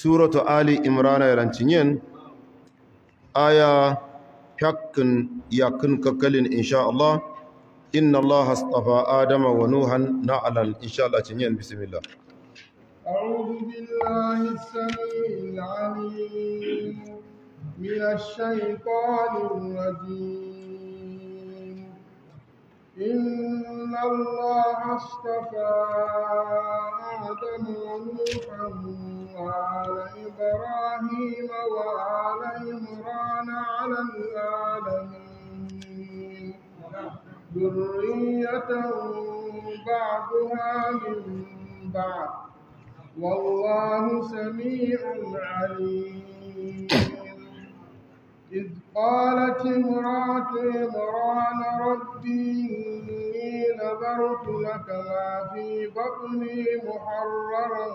suratu ali imrana rancinyen aya hakkin yakin kakalin insha Allah inna Allah astafa adama wa nuhan na alal insha Allah cinyen bismillah أعوذ بالله السميع العليم من الشيطان الرجيم إن الله اصطفى آدم ونوحا وآل إبراهيم وآل عمران على العالمين ذرية بعضها من بعض والله سميع عليم إذ قالت امرأة عمران ربي إني نذرت لك ما في بطني محررا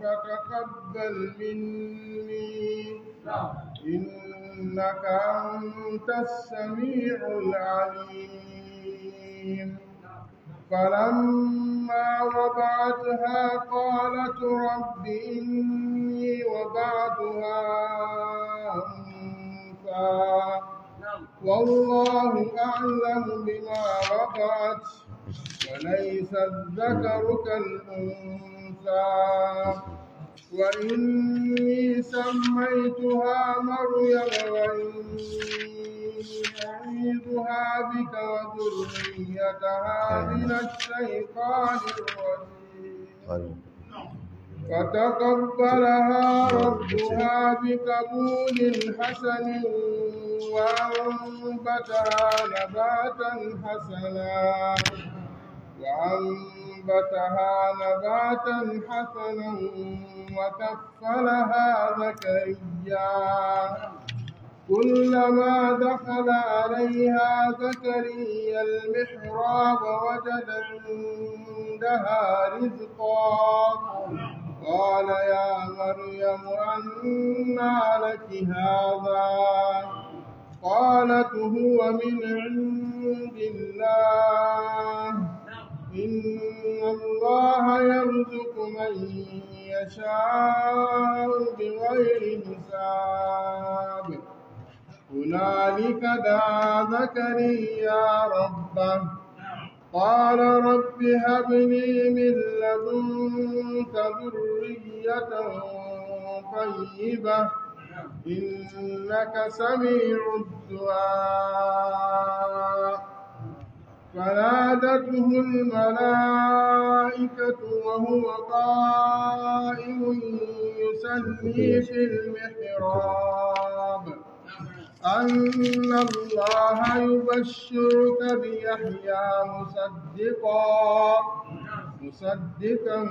فتقبل مني نعم. إنك أنت السميع العليم فلما وضعتها قالت رب إني وضعتها نعم. والله أعلم بما رفعت وليس الذكر كالأنثى وإني سميتها مريم وإني أعيذها بك وذريتها من الشيطان الرجيم طيب. فتقبلها ربها بقبول حسن وأنبتها نباتا حسنا وأنبتها نباتا حسنا وكفلها زكريا كلما دخل عليها زكريا المحراب وجد عندها رزقا قال يا مريم أنى لك هذا قالت هو من عند الله إن الله يرزق من يشاء بغير حساب هنالك دعا زكريا ربه قال رب هب لي من لدنك ذرية طيبة إنك سميع الدعاء فنادته الملائكة وهو قائم يسلي في المحراب أن الله يبشرك بيحيى مصدقا مصدقا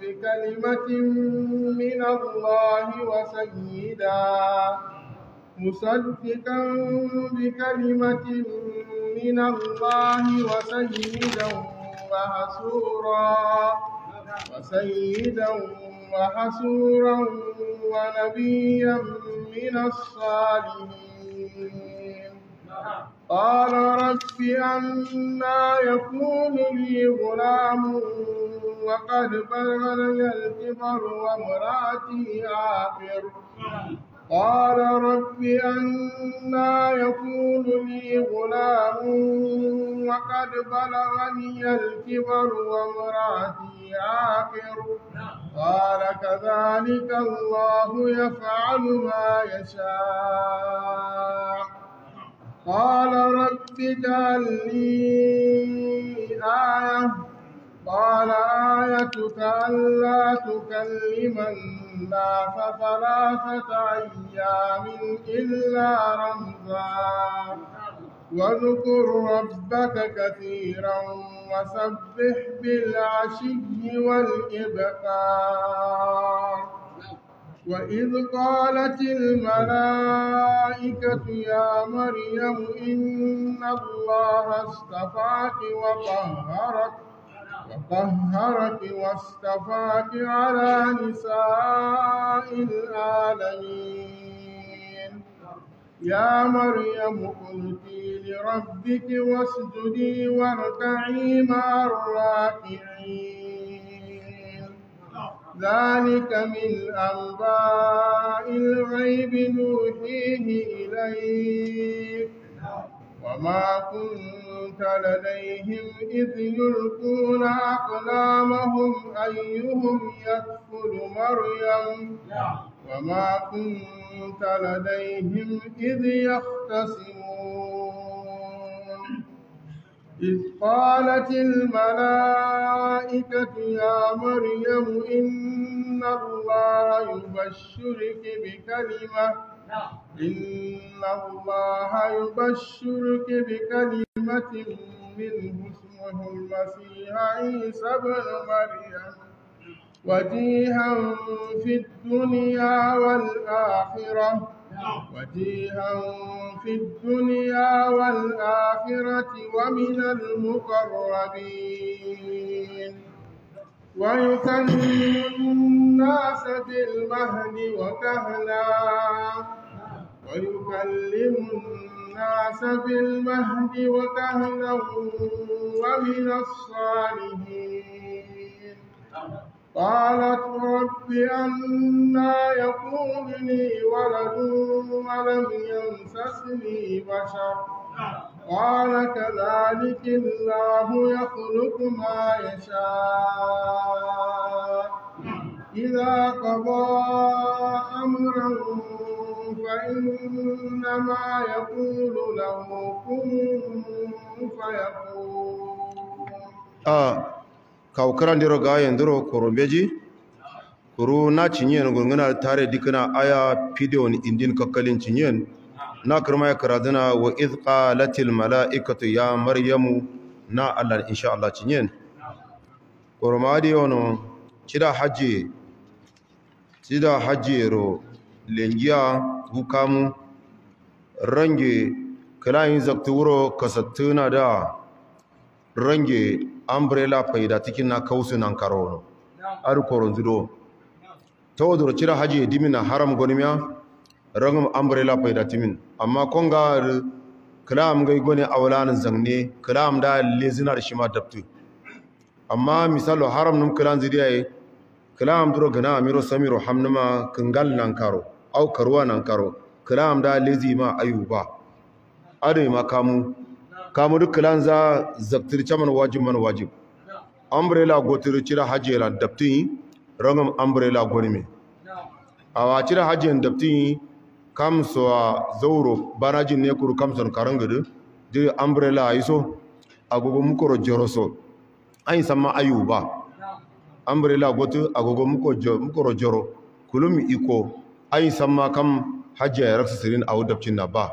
بكلمة من الله وسيدا مصدقا بكلمة من الله وسيدا وحسورا وسيدا وحسورا ونبيا من الصالحين قال رب أنا يكون لي غلام وقد بلغني الكبر وامرأتي عاقر قال رب أنا يكون لي غلام وقد بلغني الكبر وامرأتي عاقر قال كذلك الله يفعل ما يشاء قال رب اجعل لي آية قال آيتك ألا تكلم الناس ثلاثة أيام إلا رمزا واذكر ربك كثيرا وسبح بالعشي والإبكار وإذ قالت الملائكة يا مريم إن الله اصطفاك وطهرك وطهرك واصطفاك على نساء العالمين يا مريم قلتي لربك واسجدي واركعي مع الراكعين ذلك من أنباء الغيب نوحيه إليك وما كنت لديهم إذ يلقون أقلامهم أيهم يدخل مريم نعم. وما كنت لديهم إذ يختصمون إذ قالت الملائكة يا مريم إن الله يبشرك بكلمة إن الله يبشرك بكلمة منه اسمه المسيح عيسى بن مريم وجيها في الدنيا والآخرة وجيها في الدنيا والآخرة ومن المقربين ويثني الناس بالمهد وكهلا ويكلم الناس بالمهد وكهلا ومن الصالحين قالت رب أنا يكون لي ولد ولم يمسسني بشر قال كذلك الله يخلق ما يشاء إذا قضى أمرا فإنما يقول له كن فيكون آه. ndiro ga koro korombeji kuru na cinyen gungana tare dikana aya ni indin kakkalin cinyen na kirma ya karaduna wa iz latil malaikatu ya maryamu na Allah insha Allah cinyen koromadi ono cida haji cida ro lengiya hukamu range kalayin zakturo kasattuna da rangi umbrella paida tikina kausunan karono ar koronzudo tawdur cira haji dimina haram gonimya rangum umbrella faida timin amma konga kalam gai gone awlan zangne kalam da lezinar shima daptu. amma misalo haram num kalan zidiyaye kalam duro gana amiro samiro hamnuma kangal nan karo au karuwa nan karo kalam da lezi ma ayuba are makamu kamuru kilan za zaktir caman wajib man wajib umbrella gotiru cira hajera dabti rangam umbrella gonime awa cira kam so a zauro barajin ne kuru kam kamson karangudu jiri umbrella iso agogo mukoro joroso an sama ayuba umbrella gotu agogo mukoro joro kulum iko an sama kam hajera raksasirin a wadabcin na ba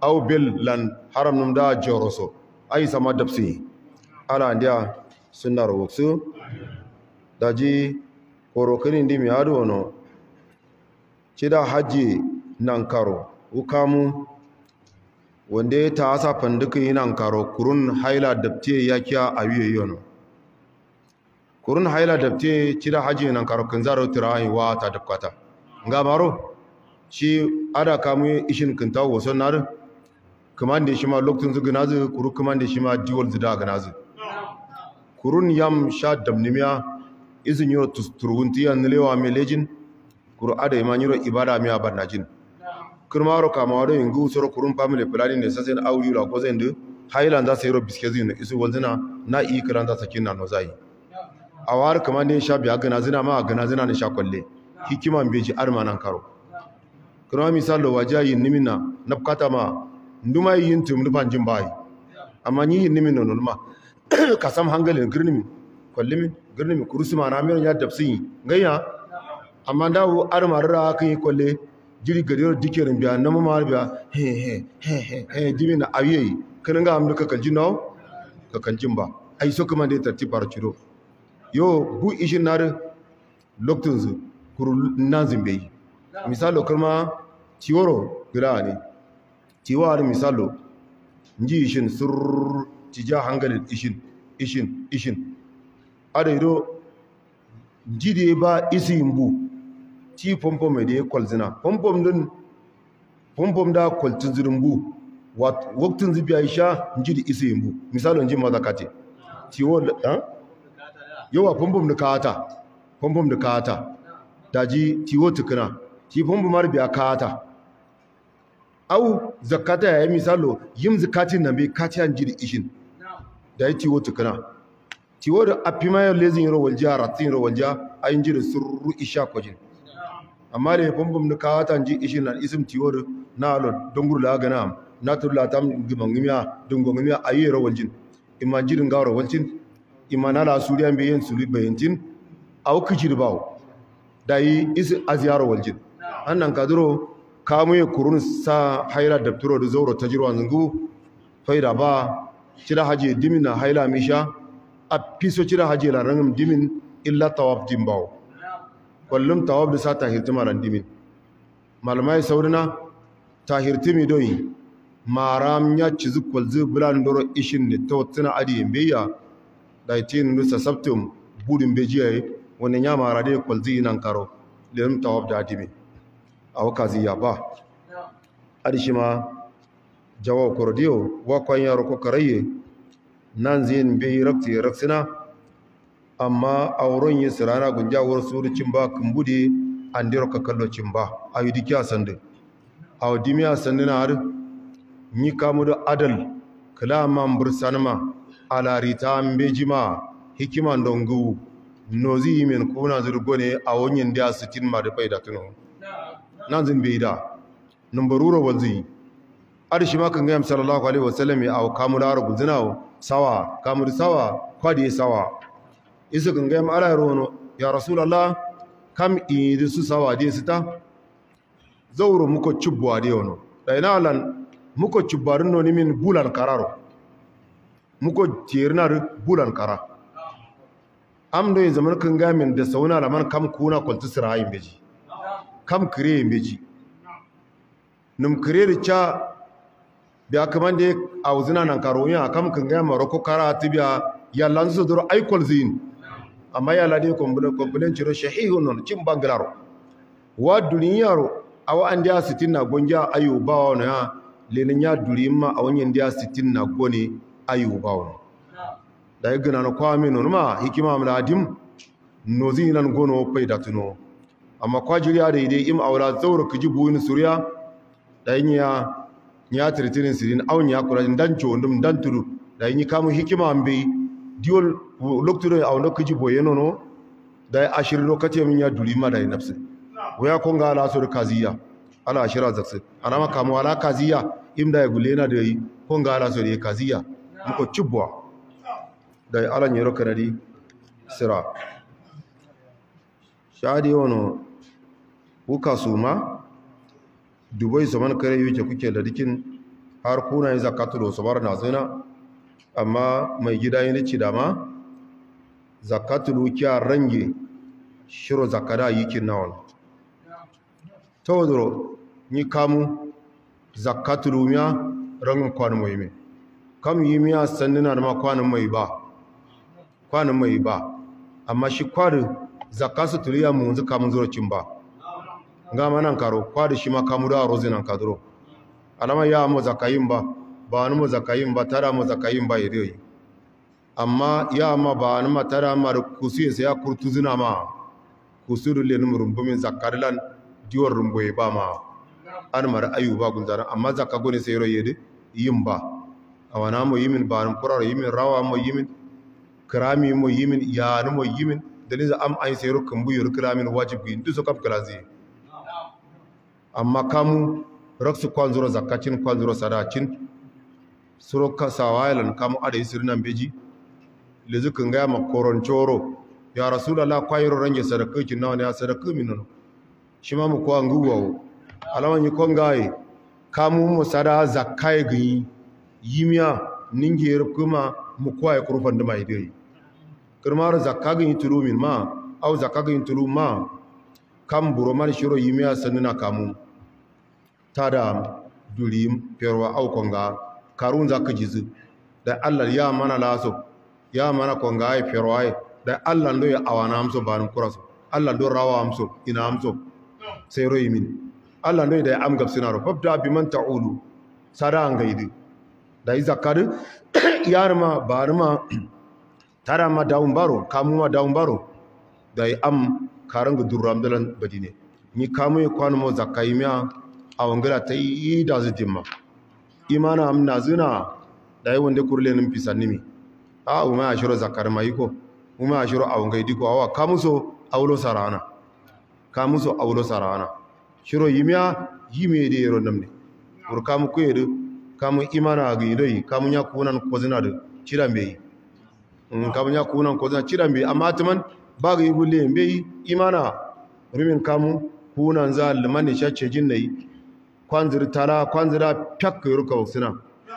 Au bil lan haram num da joroso ay sama dabsi ala ndia sunnar wuxu daji kini ndi mi adu ono cida haji nankaro ukamu wande ta asa fanduka nan nankaro kurun haila dabti ya kiya awiye yono kurun haila dabti cida haji nankaro kinzaro tirai wa ta dabkata Ngamaro, shi ada kamu ishin kintawo sonar Kamande shi ma lokacin ganazu kuru kamande shi ma zu da ganazu kurun yam sha damnimiya izin an lewa me lejin, kuru ada iman nyiro ibada miya barnajin kurma ro kama wado ingu soro kurun family planning ne sasen auri la ko zende highland za sai biskezi ne isu wanzina na i kiran za sakin na no zai awar kamande sha biya ganazina ma ganazina ne sha kolle hikiman beji armanan karo kuma misalo wajayi nimina bukata ma nduma yi yin tum lupan jin bayi amma ni yin nimin non ma kasam hangalin girnimi kollimin girnimi kurusuma na miyan ya dabsin ganya amma dawo armarra kan yi kolle jiri gariyar dikirin biya na mamar biya he he he he he jimi na awiyayi kanin ga amurka kaljin ka kakancin ba ai so kuma da tarti ciro yo bu ishin nar loktunzu kuru nanzin bai misalo kuma tiworo gira ne tiwar misalo nji ishin ti ja hangalin ishin ishin ishin adaido nji da ba isi mbu ti pompom mai e da ya kwalzina pompom din pompom da kwalcin zirin bu waktin zubi ya sha nji da isi mbu misalo nji maza ha? tiwar yawa pompom da kata pompom da kata daji tiwo tukuna ti pompom marbi biya kata au zakata ya yi misalo yin zakatin nan mai katiyan jiri ishin da ya tiwo tukuna tiwo da afi mayar lezin rawar jiya ratsin rawar jiya a yin jiri surru isha kwajin amma da ya fambam na kawatan ji ishin nan, isim tiwo da na alon don gurla gana na turla ta gimangimiya dungonimiya a yi rawar jin iman jirin gawar rawar jin iman ala suriyan bayan suri bayantin a wuki jirbawo da yi isi a ziyarar waljin annan kaduro kamuye kurun sa haira turo da zauro ta jirwa zungu faida ba cira haje dimin na haila misha a fiso cira haje larangam dimin illa tawaf dimbawo kullum tawab da sa tahirti maran dimin malamai saurina tahirti mi doyi maram ya ci zukwal zubulan doro ishin ne ta wattuna adiyin biya da yin nusa sabtum budin bejiyaye wani ya mara dai kwalzi nan karo lirin tawab da adimin aw kaziya ba adi ma jawo kordiyo wa kwanya roko nan zin bi rakti raksina amma auron yi sirana gunja war suru cimba kumbudi andiro ka kallo cimba ayudi kya sande aw dimiya sande na yi kamu da adal kalaman man a larita ritam bejima hikiman gugu nozi min kuna ne a wanyan da sitin ma da da tunan nanzin bi ida numbaruro wazi arshi ma kan ga sallallahu alaihi wasallam ya au kamura rugu zinawo sawa kamur sawa kwadi sawa isu kan ga mara rono ya rasulullah kam idi su sawa di sita zawru muko chubwa di ono dainalan muko chubbarun no min bulan kararo muko tirnar bulan kara amdo yin zaman kan gamin da sauna laman kam kuna kuntu sirayin beji kam kire meji num da cha biya kaman a awzina nan karoyin a kam kinga maroko kara tibiya ya lanzu dur aikol zin amma ya lade kombulen kombulen ciro shahihun non cin bangalaro wa duniyaro awa an dia na gonja ayuba wa ya lenin ya durima awan yin dia na goni ayuba wa da ya gina na kwami numa ma hikima amladim nozinan gono paidatino amma kwajiriya da idai im aura zaura kiji buwin suriya da yin ya ya tirtirin sirin awon ya kura dan jondum dan turu da yin kamun hikima an bai diol loktudo ya awon kiji boye nono da ya ashirin lokacin min ya duli ma da ya nafsi waya kun ga ala sur kaziya ala ashira zaksi ana maka mu ala kaziya im da ya gulena da yi kun ga ala sur kaziya muko cibwa da ya ala nyero kanadi sira shadi wono kuka su ma dubai su man kare yake kuke da dikin har kuna yin zakatu da sabar na zina amma mai gida yin ci da ma zakatu dukiya range shiro zakada yikin nawon ta wadoro ni kamu zakatu lumiya rangin kwanin mai mai kam yi miya sannuna da ma kwanin mai ba kwanin mai ba amma shi kwanin zakasu tuliya mu yanzu kamun cin ba nga nan karo kwadi da arozi nan kadro alama ya mu zakayin ba mu zakayin ba tara mo zakayimba yi. amma ya ma ba anu ma tara ma kusiye sai ya zina ma kusuru le rumbu rumbumin zakarlan diwar rumboye ba ma an mara ba gundaran amma zakka gone sai ro yede yimba awana mo yimin ba anu kurar yimin rawa mo yimin kirami mo yimin yanu mo yimin dalil am ay sai ro kambu yor min wajibi ndu so kap kalazi amma kamu raksu kwanzuro zakacin kwanzuro sadacin suroka lan kamu ada isirnan beji lezukin gaya ma coro. ya rasulallah kwayiro range sadakakin nawa ne ya sadaka minano shi ma mu kwa an wu alaman yi kongaye kamu mu sada zakai gyi yimiya ningiyar kuma mu ya kurfan da mai dai kirmar zakagin yitulu min ma au zakagin yitulu ma kam buro shiro yimiya sanina kamu tada dulim perwa au konga karunza jizu da Allah ya mana laso ya mana konga ai perwa ai da Allah ndo ya awana amso banum kuraso Allah ndo rawa amso ina amso sai roi min Allah ndo da amgab gab ro fabda bi man ta'ulu sada idi da izakar yarma barma tara ma daun baro kamu ma daun baro da am karang durram dalan badine ni kamu kwanu mo zakaimiya a wangala ta yi da zitimma imana amna zina da yi wanda kurle nin fisannimi a umma ashiru zakar mai ko umma ashiru a wangai diko awa kamuso awlo sarana kamuso awlo sarana shiro yimiya da yi yero ne wur kamu ko da kamu imana ga yidoi kamu ya kunan da zina da yi kamu ya kunan ko zina cirambe mm, amma tuman ba ga yi gulle imana rumin kamu kunan za limanin shacce yi. kwanzir tala kwanzira pyak yoruka suna,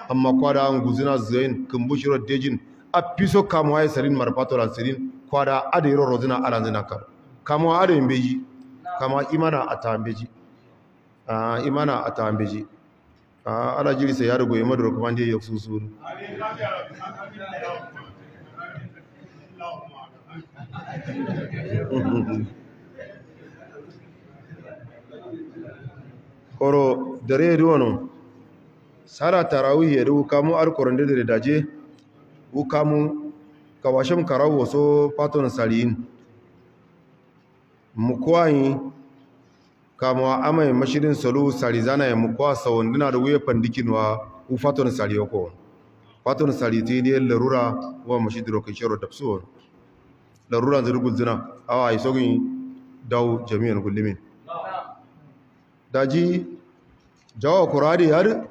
amma kwada anguzina zain kumbushiro dejin apiso kamwa sarin marpato la sarin kwada ade ro rozina alanzina ka kamwa ade mbeji kamuwa imana mbeji. ah imana mbeji. ah ala jiri sai ya rugo imadro kuma ndiye yaksusuru amin Allahumma koro dare duwano sala tarawi ya du kamu da de daje u kamu kawasham karawo so paton salin mukwai kamu amai mashirin salu sarizana ya mukwa dina da wuya pandikinwa u faton saliyoko faton saliti ne larura wa mashidro kishero tafsuwar larura zurgul zina awa isogin dau jami'an gullumin. daji jawa kurari har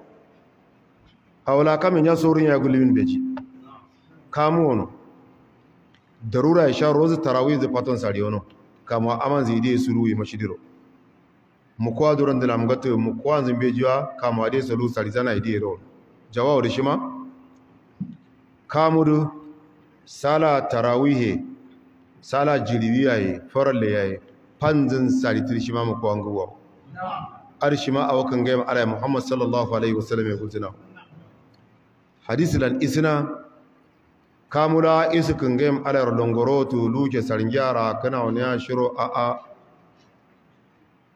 hawala kamin ya saurin ya gulmin beji kamu wano darura ya sha rozi tarawi zai faton sari wano kama aman zai dai suru yi mashidiro mukuwa duran da lamgato mukuwa zin bejiwa kama dai salu sari zana yi dai rawa jawa da shi ma kamudu sala he sala jiriwiya yi farar da ya yi e, fanzin e, sari tirshi ma mukuwa nguwa a ma awakan gaima ala muhammad sallallahu alaihi wasallam ya kuntuna hadisi lan isina kamula isi kan gaima ala longorotu luke saringyara kana wani ya shiro a a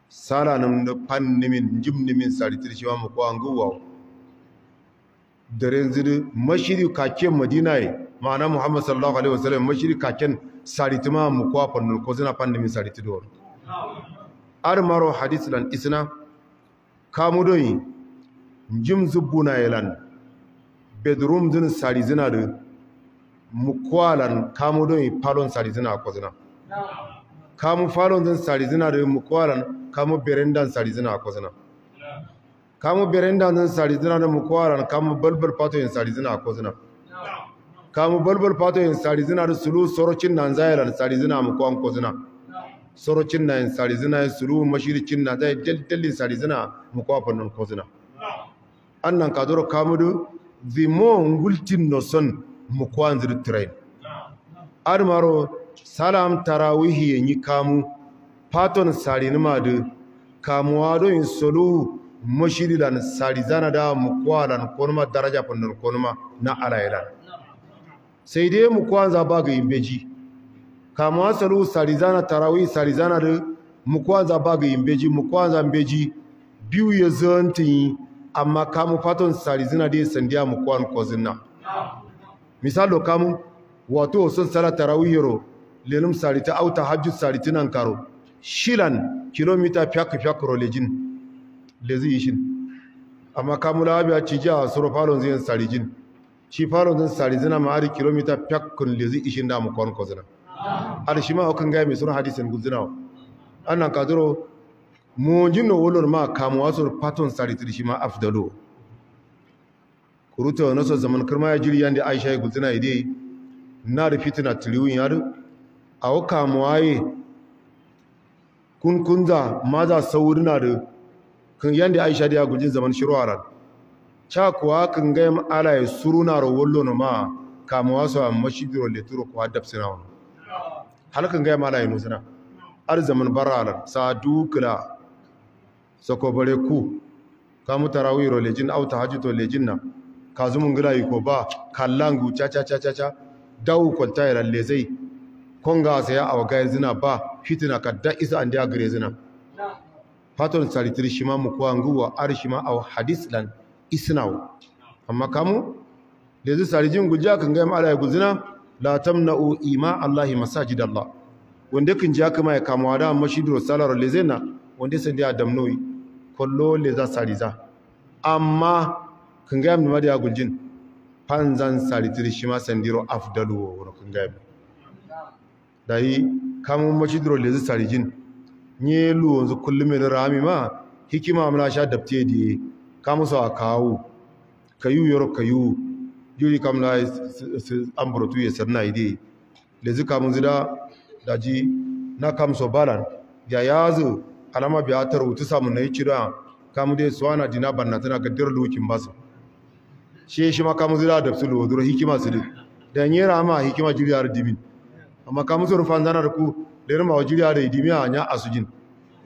sala nan da pannimin jimnimin saritir shi ma mu guwa daren zidi mashiri kaken madina yi ma'ana muhammad sallallahu alaihi wasallam mashiri kaken saritima mu fannin kozina ko nimin pannimin saritido armaro lan isna kamudoyi jim zubbuna yelan bedroom din sari zina da mukwalan kamudoyi falon sari zina ko zina kamu falon din sari zina da mukwalan kamu berendan sari zina ko zina kamu berendan din sari zina da mukwalan kamu balbal fatoyin sari zina ko zina kamu balbal fatoyin sari zina da sulu sorocin nan zayalan sari zina mukwan ko zina sorocin na yin sarizina ya suru mashirikin na zai daldalin sarizina makwafin nan kozina an nan ka zoro kamudu vimon gultin noson makwan zuru train armaro salam tarawihi yin yi kamu paton sarinima da kamuwa don yin solu mashirilan sarizana da makwalan konuma daraja fannin konuma na alayilan sai dai makwan za ba ga yin beji tamasalu salizana tarawi salizana da mukwanza bagi imbeji mukwanza mbeji biu ya zanti amma kamu fatan salizana da sandiya mukwan kozinna misalo kamu wato osun sala tarawi yaro lelum salita auta hajjus salitina nkaro shilan kilomita fyak fyak rolejin lezi ishin amma kamu biya ci jiya suru falon salijin sarijin shi falon zai ma'ari kilomita fyak kun lezi ishin da mukwan kozinna arshima o kan ga mi sura hadisin guzinawo annan kaduro mo jinno wolor ma kamu wasur faton saritri shima afdalo kuruta naso zaman kirma ya jiri yadda aisha guzina dai na da fitina tiliwin yadu a waka kamuwa ya kunkunza ma za sauri na da kan yadda aisha da ya gujin zaman shirwarar ca kuwa kan gayan ala ya suru na rawar lona ma kamuwa su a mashidiro leturu kuwa dabsinawa halkan gaya malaye musana arzamin baralar sadukula sakobare ku ka mutarawi rolejin auta hajjito lejin na ka zumun yi ko ba kallangu caca-caca dawo kwanta ya lalle zai konga ya a wagayar zina ba fitina ka da isa an da gire zina faton salitir shi ma mukwangu ar arshi ma a hadislan isnawo amma kamu da zai sarijin guja kan gaya malaye guzina la tamna'u ima Allahi masajid Allah wanda kin ja kuma ya kama wada mashidu salar lezena wanda sai da damnoi kollo leza sariza amma kin ga mu da guljin fanzan saritir shi ma sandiro afdalu wa kin ga dai kamun mashidu leza sarijin nye lu wanzu kullum rami ma hikima muna sha dafte da kamusa kawo kayu yoro kayu yuri kam na ambro ya yesar na ide da zika mun zida ji na kam so balan ya yazo alama biya ta rubutu samu na yi cira ya suwa na jina banna tana gaddar lokin basu shi shi ma kamun zida da sulu wadura hikima su ne da yi rama hikima jiriya da dimin amma kamun zuru fanzanar ku da yi rama jiriya da dimi a nya asujin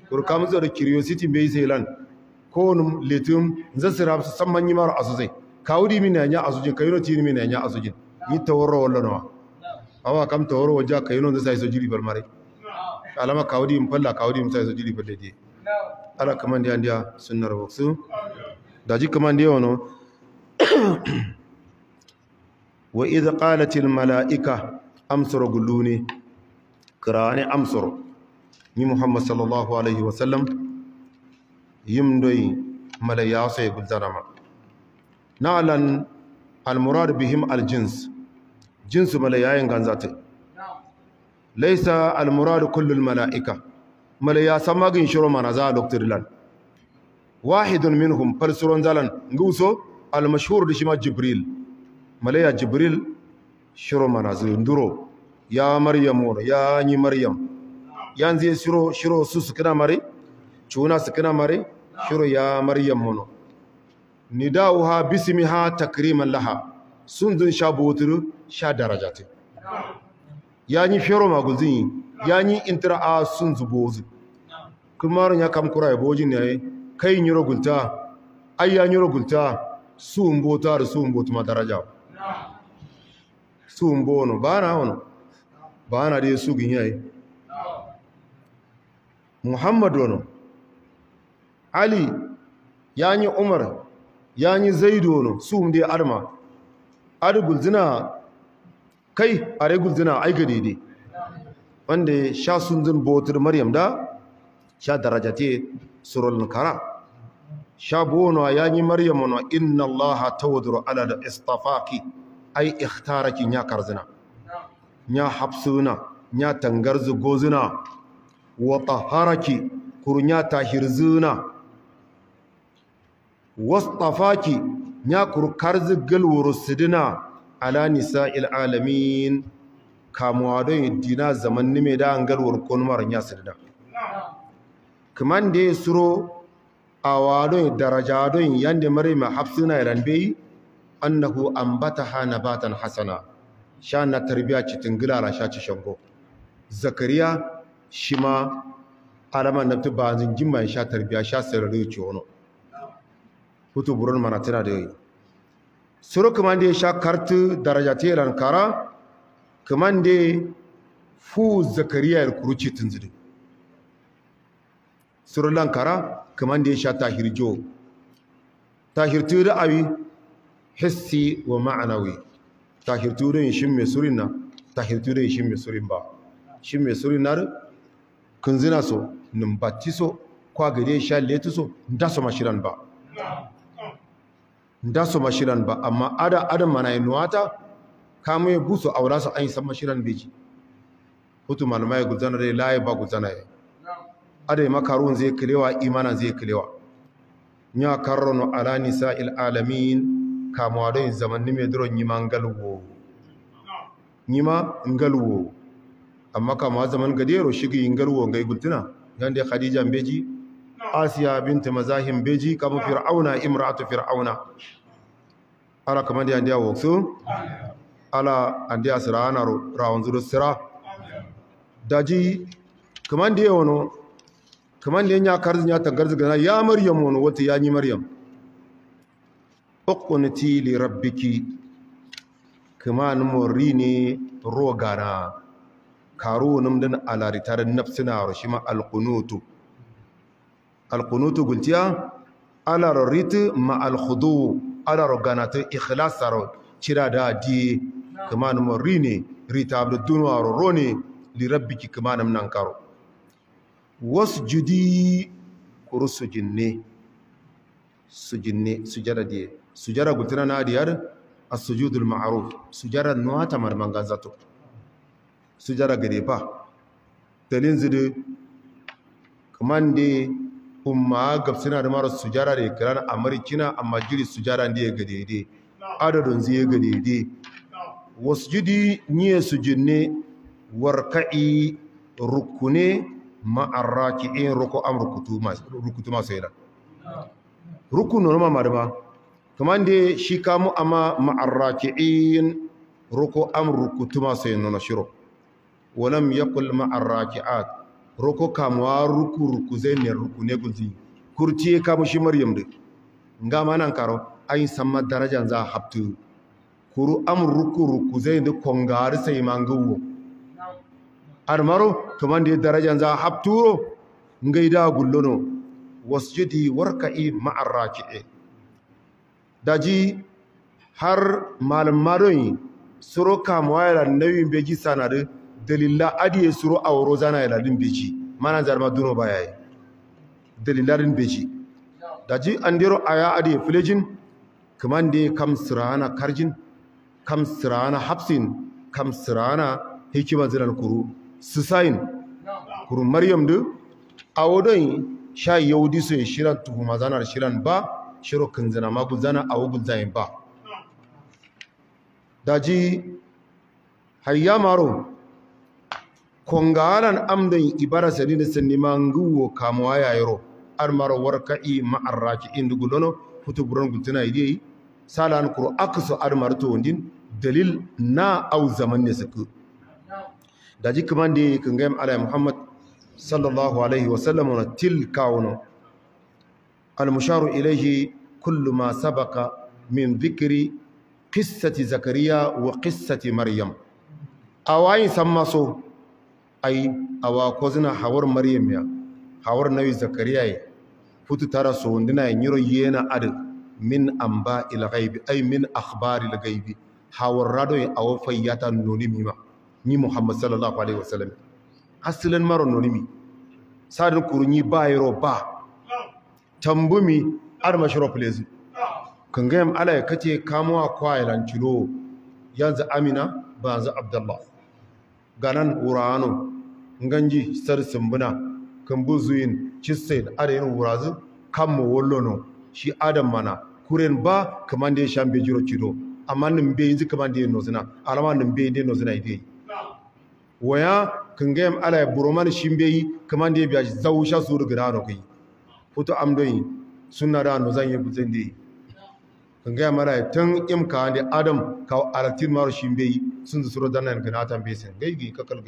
kur kamun zuru curiosity bai sai lan ko nun litin zasira su san manyi mara asuzai kawudi mina nya azujin kayuno tini mina nya azujin yi tawro wala no awa kam tawro waja kayuno da sai sojiri bar mare alama kawudi mun falla kawudi mun sai sojiri bar dade ala kaman dia dia sunnar waksu daji kaman dia wono wa idh qalatil malaika amsuru guluni qirani amsuru ni muhammad sallallahu alaihi wasallam yimdoi malaya sai gulzarama na'lan al-murad bihim al-jins jinsu malayayin ganzata laysa al-murad kullu al-mala'ika malaya samagin shiro manaza doctor lan wahidun minhum farsuron zalan nguso al-mashhur dishima jibril malaya jibril shiro manaza nduro ya maryam ya ni maryam yanzu shiro shiro su sukina mare cuna sukina mari shiro ya maryam mono nidauha bismiha takriman laha sunzun sha boturu sha Ya yani fero ma ya yani intira a sunzu bozu kumarun ya kam kura yabojin ne kai nyiro ai ya nyiro gunta sun bota da sun botu ma daraja sun bono bana wono ba bana dai su gin yayi muhammad wono ali yani umar yani zaido no su hunde arma gulzina kai are gulzina aika daidai wanda ya sha sun zin botar maryam da sha darajate surul kara sha bono yi maryam wano inna ta wadura ala da istafaki ai ikhtarakin ya karzina ya hafsuna ya tangarzu haraki, kuru ya kurnya tahirzuna wasṭafaki ya karzigal woro wurusidina ala kamuwa don yi dina zaman nime da angal wor konmar nya sidina kaman ya suro ya darajadon yande an na hafsuna ranbe annahu hana batan hasana sha na tarbiya citin gilala sha ci shango zakariya shima alama na tubazin jimman sha tarbiya sha sarare ci hutu buron manatira da yi suru ya sha kartu darajati lankara kamande fu zakariya ya kuruci zidi suru lankara ya sha tahir jo tahir tu ra'awi hissi wa ma'anawi tahir tu da shin mai surin na tahir tu da shin mai surin ba shin mai surin na kunzina so batti so kwa gade sha letu so da so mashiran ba da su mashiran ba amma ada adam mana yin nuwata kamun ya busu aura su an yi san mashiran biji hutu malama ya gudana dai laye ba gudana ya adai makarun zai kilewa imana zai kilewa ya karrano ala nisa'il alamin kamuwa don zamanni mai duron yi ma ngalwo Amma ma ngalwo amma kamuwa zaman gadero shigi ngalwo ga igultuna yadda khadija beji asiya binta mazahim beji kabu fir'auna imratu fir'auna ala kamandi andi a woksu ala andi a sira ana rawanzuru sira daji kamandi ya wano kamandi ya karzin ya tangarzi gana ya maryam wano wata ya yi maryam ukunti li rabbiki kamani mori ne rogana karo namdan alaritarin nafsina rashima alkunutu alkunutu gultiya ala rarriti ma alkhudu ala roganata ikhlasaro cira da di kamanu marine rita abdudunu arorone li rabbiki kamanam nan karo wasjudi kuru sujinne sujinne sujada di sujada gultina na diyar as-sujudul ma'ruf sujada nuwata marmangan zato sujada garefa dalin zidu kamande umma gabsina da mara sujara da kira na amurkina a jiri sujara da ya ga daidai adadin zai ga daidai wasjudi niyyar sujinne warka'i rukune ma'ar in ruku am rukutu masu yana rukun nuna ma ma kamar da shi kamu amma ma'ar in ruku am rukutu masu yana shiro wani yakul ma'ar raki'at roko kamwa ruku ruku zai ne ruku ne kurti ya e kamu shi maryam da nga manan karo samma daraja za haptu kuru am ruku ruku zai da sai manguwo armaro to man e da za ro? ngai da gullono wasjidi warka'i ma'ar raki'i e. daji har malam madoyi suro kamwa ya nawi beji sanadu delilla adiye suro awro zana ya ladin beji mana zarma duno ba yi dalila din beji daji andero aya adiye filejin ya kam sirana karjin kam sirana hapsin kam sirana hikimar zinar kuru sayin kuru maryam du awodon sha yaudi so shirar tuhuma zanar shirar ba shiro kanzana magu zana wugun zayin ba daji maro kongaran amdan ibara sanina sannimanguwo kamowa yayiro armaro warka'i ma'arraki indu gulono hutu buron gultuna idiyai salan kuro akso armar to wondin dalil na au zaman ne suku da ji kuma da kan ga alayi muhammad sallallahu alaihi wasallam sallam wa tilka wono al musharu kullu ma sabaka min zikiri qissati zakariya wa qissati maryam awayin sammaso ai awa kozina hawar maryam ya hawar nabi zakariya ya futu tara so ndina nyiro yena ad min amba il ghaibi ai min akhbari il ghaibi hawar rado ya awa fayyata nonimi ma ni muhammad sallallahu alaihi wasallam asilan maro nonimi sadin kurunyi ba yi ba tambumi ar mashro plezu kangayam ala ya kace kamuwa kwailan cilo yanzu amina ba yanzu abdullah ganan urano nganji sar simbuna kambu zuyin chisaid are yin wurazu kammo wollono shi adam mana kuren ba kamande shambe jiro chido amma nin be yinzi kamande nozina alama nin be de nozina ide waya kingem ala buroman shimbe yi kamande biya zawusha suru gidano kai Futu amdoyi sunna da nozan yi buzin de kingem mara tun imka ande adam ka alatin maro shimbe yi sun zuro danan ganatan besin gaigi kakal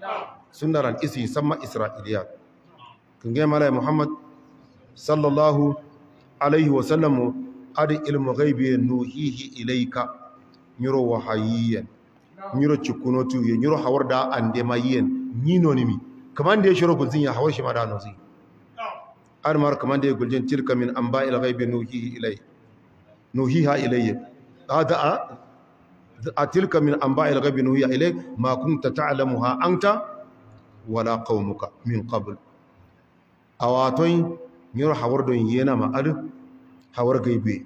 na'am sunnar al-isi samma isra'iliya kun ga malai muhammad sallallahu alaihi wa sallam ad ilmu ghaibi nuhihi ilayka nyuro wahayiyan nyuro chikunotu ye nyuro hawarda ande mayen nyino nimi kamande shiro kunzin ya da madano zin armar kamar da ya guljin tilka min an ba ilghaibi nuhiha ilayya hada a a tilka min an ba ilghaibi nuhiha ilayya ma ha an ta? wala qaumuka min A qabl awatoy hawar hawardo yena ma adu hawar gaibe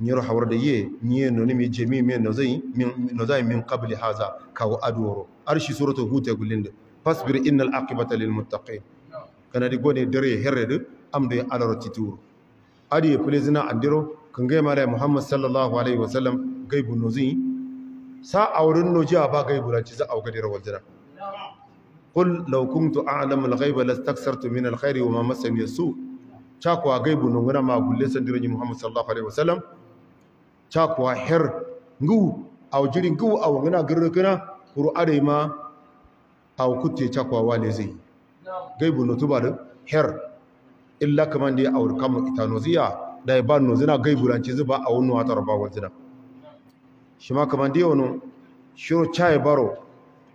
nyoro hawardo ye nye no ni mi jemi mi no min no zai min qabli haza kaw aduro arshi suratu huta gulinde fasbir innal aqibata lil muttaqin kana di gone dare da herede amde alaro tituru adi e plezina andiro kangai mala muhammad sallallahu alaihi wasallam gaibu no zai sa aurin noji a ba gaibu ranci za a ga dirawal jira qul law kuntu a'lamu al-ghaiba lastakthartu min al-khairi wa ma massani as-su chakwa gaibu nunguna ma gulle sandiranyi muhammad sallallahu alaihi wasallam chakwa her ngu aw jiri ngu aw girgina kuru qur'ani ma aw kutte chakwa ne zai gaibu no tubar her illa kaman da aw kam itanoziya da ba no zina gaibu ranci zuba aw no atar ba wazina shima kaman da yono shiro ya baro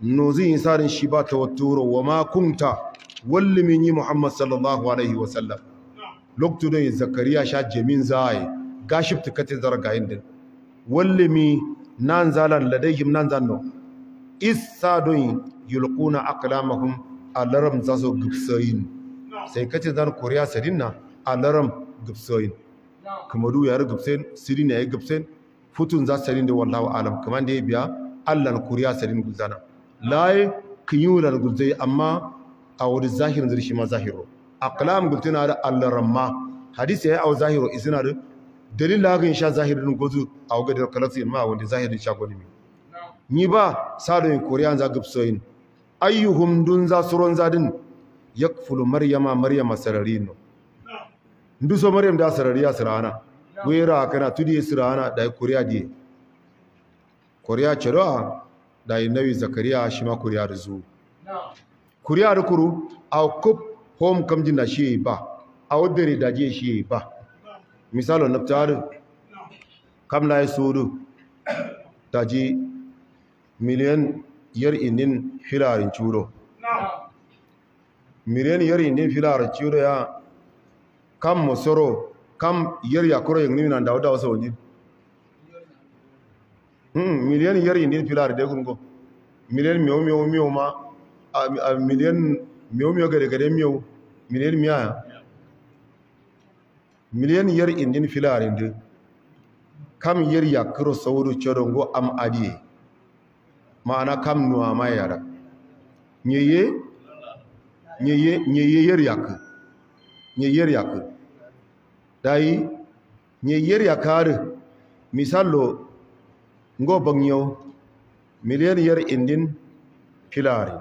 nozi insarin shi ba ta tawatturo wa ma kunta wallimin yi muhammad sallallahu alaihi wasallam lokacin da zakariya sha jamin zai gashib tikatin zargayin din wallimi nan zalan ladayhim nan zanno isa don yulquna a alaram zazo gibsoyin sai katin zan koriya a alaram gibsoyin kuma du yar gibsoyin sidina ya gibsoyin futun za sadin da wallahu alam kaman da ya biya allan koriya sadin guzana lay kiyunar gulzai amma a wuri zahirin zirshi ma zahiro aqlam na da hadis ya yi a zahiro na da dalil lagin sha zahirin gozu a da kalasi ma wanda zahirin sha gonimi ni ba yin koriya za gubsoyin ayyuhun dun za ron zadin fulu maryama maryama sarari no. nduso maryam da sarariya sirana wera kana tudi sirana da koriya die Koriya chero da nabi zakariya shi ma kuriya da zuwa kuriya da kuru a kub home kamji na shi ba a wadda da je shi ba na naftar kam na yi soro ta ji miliyan yar inin filarin curo miliyan yar inin filarin curo ya kam masoro kam yar yakura yin nuna da wadda wasu wadda Hmm, miliyan yari ni pilar de gungo miliyan miyo miyo miyo ma a ah, ah, miliyan miyo miyo gade gade miyo miliyan miya miliyan yari indin filarin de uh, kam yari ya kiro sauru chorongo am adiye ma'ana kam nuwa ma yara nyeye nyeye nyeye yari yakı nyeye yakı dai nyeye yakı Misallo. ngo yau miliyar indin filari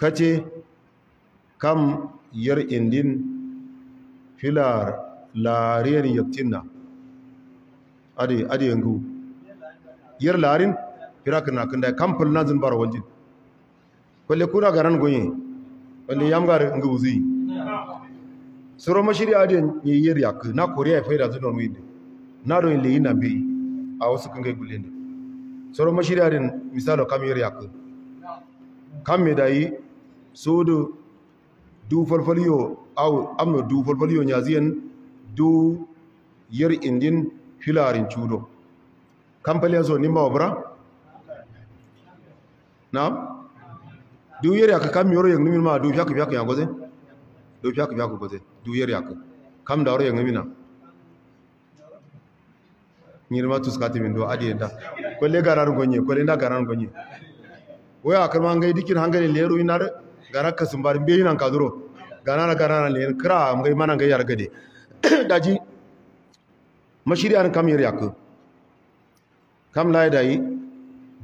kace kam yar indin filar lariyar yaktinna na ade yangu yar larin firak na kanda kam fulna zin bar wajin kwalle kuna garan gonye kwalle yam gar ngu zi suro mashiri yi yir yak na koriya faida zin normi na naro ile na bi a wasu kan gai da sauran mashiryarin misalo kamiyar yaku kan mai dayi so do du falfaliyo au amma du falfaliyo nyaziyan du yar indin filarin chudo kan paliyan so nimba obra na du yar yaka kam yoro yang nimin ma du fyak fyak yang goze du fyak fyak goze du yar yaka kam da yoro yang nimina nyirma tuskati min do adi da kolle garar gonye kolle da garar gonye waya karma gai dikin hangale leru inare gara kasun bar be nan kaduro ganana ganana le kra ngai mana gai yar gade daji mashiri an kam yar yakku kam lai dai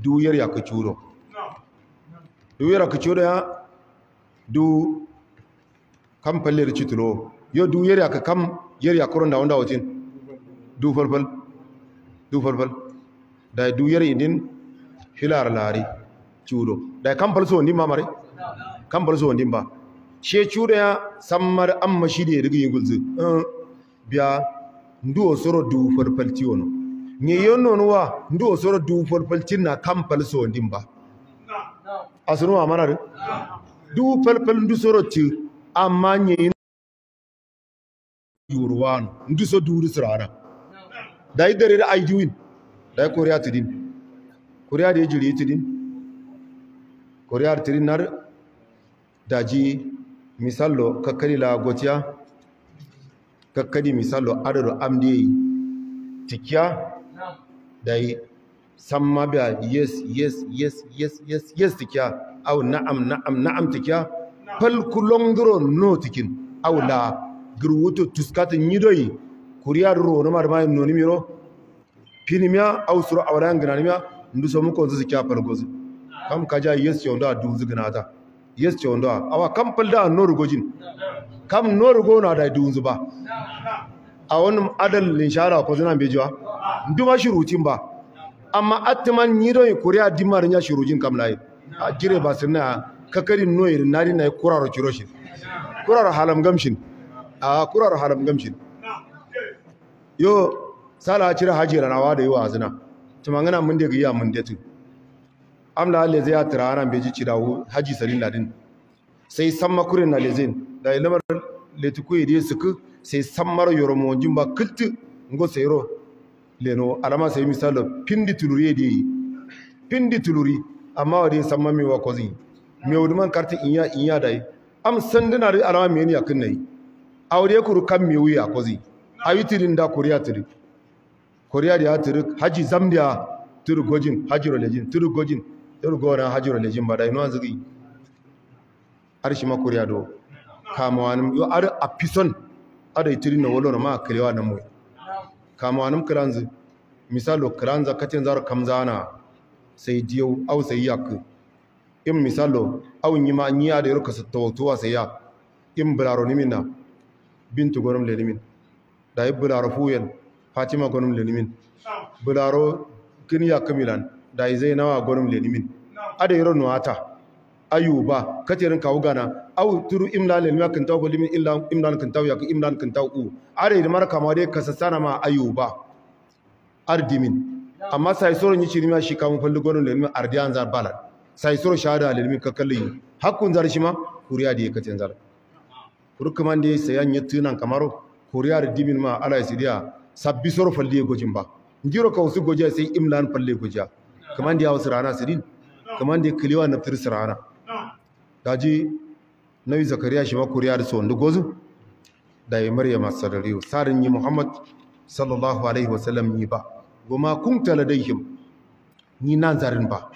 du yar yakku churo du yar yakku churo ya du kam palle ri chitulo yo du yar yakku kam yar yakku ronda onda wotin du falfal du falfal da du yar idin hilar lari cudo da so din ba mare kan so din ba she cudo ya an amma da ya e rigi gulzu biya ndu soro du falfal tiwono nye yono wa ndu soro du falfal na kan so din ba asunu amanar du falfal ndu soro ti amma yi yoruwan ndu so duri sirara da yi dare da aidiwin da yi koriya tudin koriya da ya jiri tudin koriya tudin na daji misallo misallo kakkari lagotiya kakkari misallo adaro amdi tikiya da yi samma biya yes yes yes yes yes yes tikiya au na'am na'am na'am tikiya fal duro no tikin au la girwuto tuskatin yidoyi Kuriya da rono marma noni miro pinimia au suru awran granimia nduso muko nzuzi kya pargozi kam kaja yes yonda du zignata yes yonda awa kam da noru gojin kam noru na da du zuba a wani adal linshara ko zina bejiwa nduma shirutin ba amma atman nido kuriya dimar nya shirujin kam lai a jire ba sunna kakarin noyir nari na kuraro kiroshin kuraro halam gamshin a kuraro halam gamshin yo sala cire hajira rawa da yiwa azna to mangana mun da giya mun da tu amla alle zai atira ran beji cirawo haji salin ladin sai san makurin na lezin da ilamar letuku idiye suku sai san mara yoromojin ba kultu ngo sayro leno alama sai misalo pindi tuluri di pindi tuluri amma wadin san mami wa kozi me wuduman karti inya inya dai am sandina da alama meni yakin nayi ya kuru kan me a kozi awitirin da korea tiri, korea da tirik haji zambia tirik gojin haji rolejin tirik gojin tiri gona haji rolejin ba da ino zigi arshima korea do kamawanum yo a fison ada itirin na wolo ma kalewa na moy kamawanum kranzi misalo kiranzu katin zar kamzana sai diyo au sai yak in misalo au nyima niya da yi rukasa tuwa sai ya in bularo nimina bintu gorom le da yi bularo fuyen fatima gwanin lenimin bularo kiniya kamilan da yi zai nawa gwanin lenimin ada yaro nuwata ayuba katerin kawo gana au turu imlan lenimin kintawo ko limin imlan kintawo ya ka imlan kintawo u ada yi mara kama dai kasasana ma ayuba ardimin amma sai soron yi shirima shi kamun fallu gwanin lenimin ardiyan zar balad sai soron shahada lenimin kakkalin hakkun zar shi ma kuriya da ya katin zar kurkuman dai sayan yi tunan kamaro da dimin ma ala isidiya sabbi soro falle gojin ba ngiro ka wasu gojiya sai imlan falle gojiya kamar da ya wasu rana sidin kamar da kiliwa na fitir rana daji nabi zakariya shi ma da so ndu gozu da ya maryama sadariyo sarin yi muhammad sallallahu alaihi wasallam yi ba goma kunta ladaihim ni nan zarin ba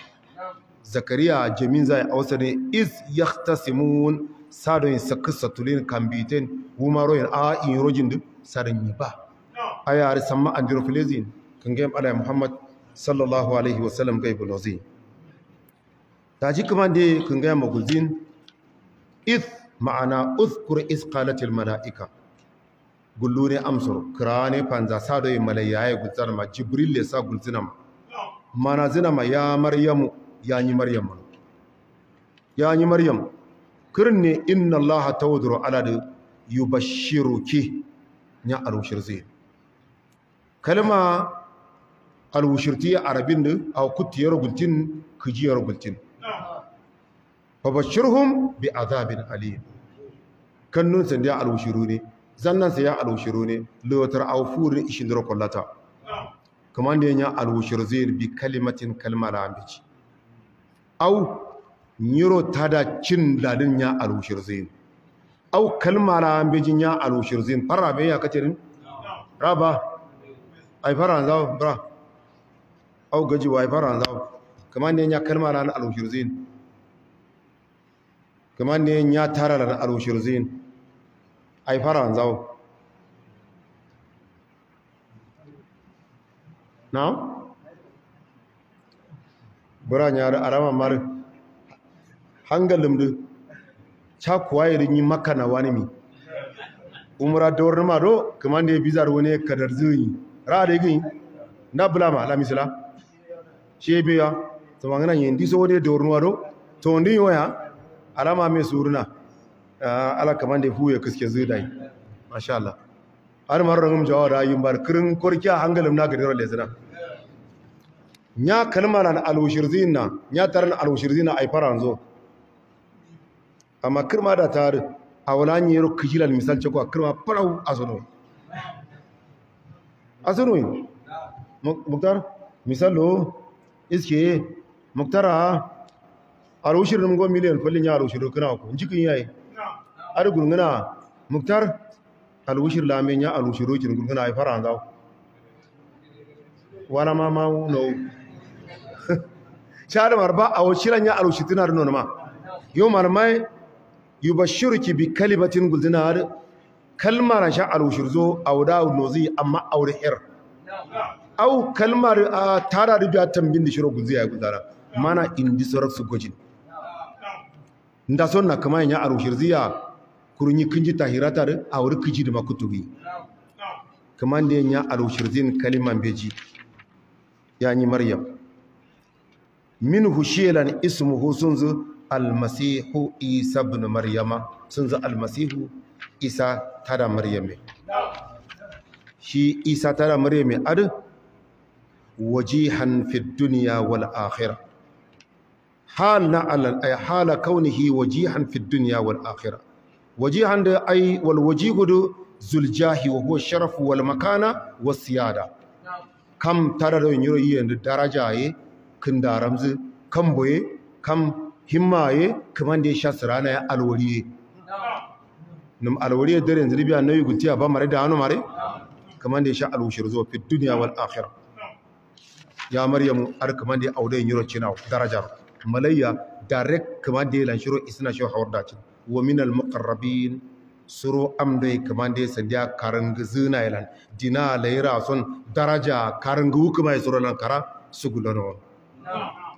zakariya jamin zai ausa ne is yahtasimun sadon sakisa tulin kambitin humaroyin a in rojin duk sadon yi ba a yare samma an dirofilizin kan gayan ɓalaye muhammad sallallahu alaihi wasallam gai bulozi ta ji kuma da kan gayan maguzin if ma'ana uskur iskalatil mala'ika gullu ne amsar kira ne fanza sadon malayya ya gutsar ma jibril ya sa gulzina ma mana zina ma ya maryamu ya yi maryamu ya yi maryamu kirin ne inna Allah ta wudura ala da yubashiruki ya alwushir zai kalma alushirti a arabin da a kutiyar kujiyar kijiyar guntin babashirhum bi azabin alim kannun san ya alushiru ne zannan sa ya alushiru ne lotar aufur ne ishin dira kwallata kaman da ya alwushir zai bi kalimatin kalmar ambici au nyiro tada cin ladin ya alushirzin au kalma la ambejin ya alushirzin fara be ya katerin raba ai fara za bra au gaji wai fara za kaman ne ya kalma la alushirzin kaman ne ya tara la alushirzin ai fara za na bra nya arama mari hangalim du chakuwairin yi maka na wani mi umra dawar ma do kuma ne bizar wani kadar zuri ra'ada yi na bulama la misila shebe ya to mangana yin diso wani dawar nuwa do to ndin waya alama mai suruna ah, ala kaman da huye da yi. masha Allah har marar rangum jawa rayun bar kirin korkiya hangalim na gadirar lesina nya kalmar na alwashirzina nya tarin alwashirzina ai faranzo amma kirma da tare a wala ni ro kijilal misal ce ko kirma farau a parau azuno azuno muktar misalo iske muktara arushir ngo miliyan fallin ya arushir kana ko jikin yayi argun gina muktar alushir lamin ya alushir jikin ngana ai faranza wala ma ma no chadamar marba a waciran ya tunar nuna ma yau marmai yubashshiruki bi kalimatin guldinar kalmar sha alwushurzo awda nozi amma aure ir er. au kalmar tara rubiya tambin da shiro gulzi ya gudara mana indi sarar su gojin nda sonna kama ya alwushurziya kurunyi kinji tahirata aure kiji da makutubi kama da nya alwushurzin kaliman beji yani maryam min lan ismuhu husunzu. almasihu isa bin maryama sun zo almasihu isa tara maryame shi isa tara maryame adin wajihan fi duniya wal akhirah hal na alal ay hala kaunihi wajihan fi duniya wal akhirah wajihan da ay wal wajihu du zuljahi wa huwa sharafu wal makana was siyada kam tara da yiro yi daraja ye kin da ramzi kam boye kam himmaye kaman da ya sha sirana ya alwariye num alwariye dare yanzu biya na yugunti ya ba mare da hannu mare kaman da ya sha alwushir zuwa fi duniya wal akhir ya maryamu ar kaman da ya auda yin yiro cinaw darajar malayya direct kaman da ya lanshiro isina shi hawar dace wa min al muqarrabin suro amdai kaman da ya sandiya karang zina yalan dina layra sun daraja karangu kuma ya suro lan kara sugulano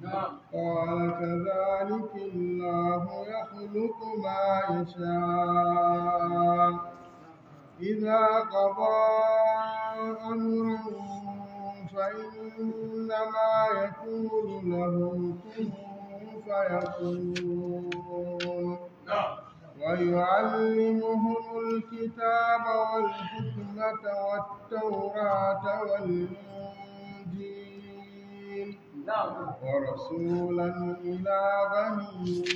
نعم. قال كذلك الله يخلق ما يشاء إذا قضى أمرا فإنما يكون له فيكون نعم. ويعلمهم الكتاب والحكمة والتوراة والإنجيل ورسولا إلى بني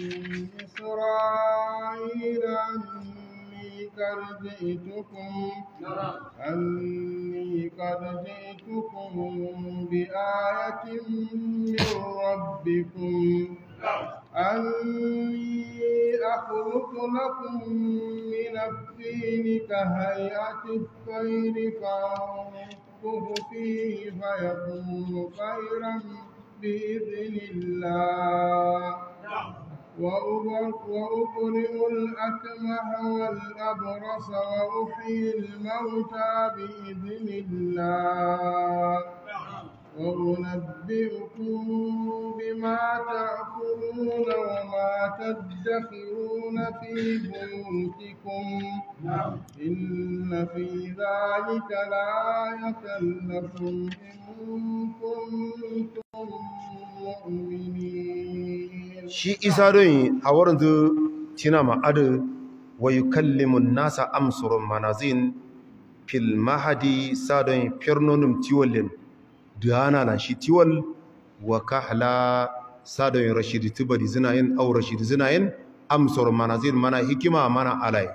إسرائيل أني قد جئتكم أني قد جئتكم بآية من ربكم أني أخلق لكم من الطين كهيئة الطير فأنفخ فيه فيكون خيرا بإذن الله نعم. وأبرئ الأكمه والأبرص وأحيي الموتى بإذن الله وأنبئكم بما تأكلون وما تدخرون في بيوتكم نعم. إن في ذلك لآية لكم إن كنتم مؤمنين شيء إزارين أورد تنام أدو ويكلم الناس أمسر منازين في المهدي سادين بيرنونم تيولين Duhana na shi tiwal wa kahla sadoyin rashidi tibadi yin au rashidi yin amsar zin mana hikima mana alai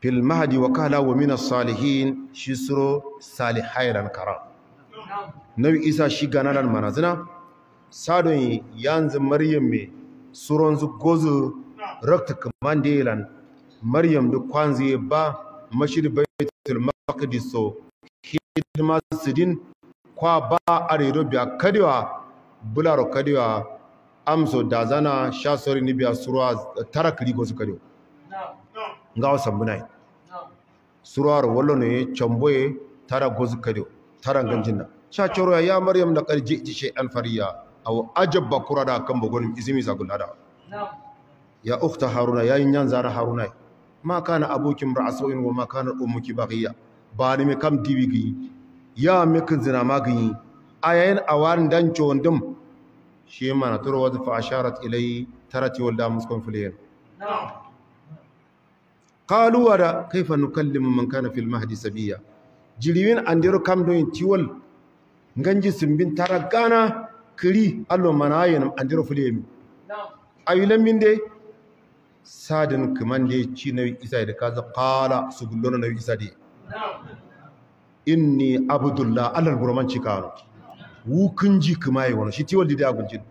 fil mahdi wa kahla wa minas salihin shi suro salihairan kara nabi isa shi gananan zina sadoyin yanzu maryam mai suron su gozu rakta kamandelan maryam da kwanzu ba mashir baitul maqdis so hidima sidin kwa ba aredo biya kadiwa bularo kadiwa amso dazana sha sori ni biya surwa tara kiri su kadiwa nga wasan munai surwaro wallo ne chamboye tara gozu kadiwa tara ganjina. sha choro ya maryam da karji ji shay'an fariya aw ajabba da kan bugonin izimi zagullada ya ukta haruna ya yin yanzara haruna ma kana abokin mra'asawin wa ma kana ummuki baghiya bani mi kam diwi gi ya mi kin zina ma gi ayayin awarin dan chondum shi mana turu wa fa asharat ilai tarati wal damus kon Kaluwa qalu wada kaifa nukallimu man kana fil mahdi sabiya jiriwin andiro kam don tiwal nganji simbin taragana kiri allo mana yan andiro fulayr ayulan min dai sadin kuman da ya ci nabi isa da kaza kala su gullona nabi isa dai inni abdullah alal burmanci kano ji kuma yi wani shi tiwal didi gunjin